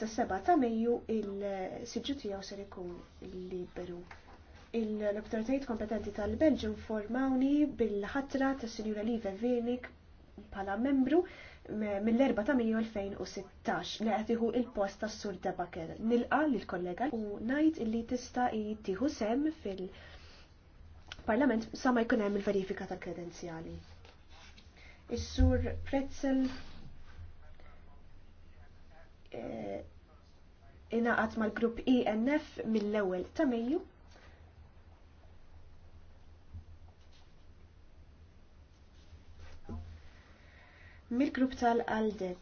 ta' seba ta' Mejju il sidġu tiegħu ser ikun liberu. Il-autoritajiet kompetenti tal-Belġu informawni bil-ħatra ta' Sinjura Live Vernik bħala membru mill-4 ta' meju 2016 li qed il-post tas Sur Debaker. Nilqa lill-kollega u ngħid li tista' tieħu sem fil-Parlament sa ma jkun hemm il-verifika tal-kredenzjali. Is-Sur Pretzel inaqat mal-grupp INF e mill-ewwel ta' Mejju. Mill-grupp tal-Alde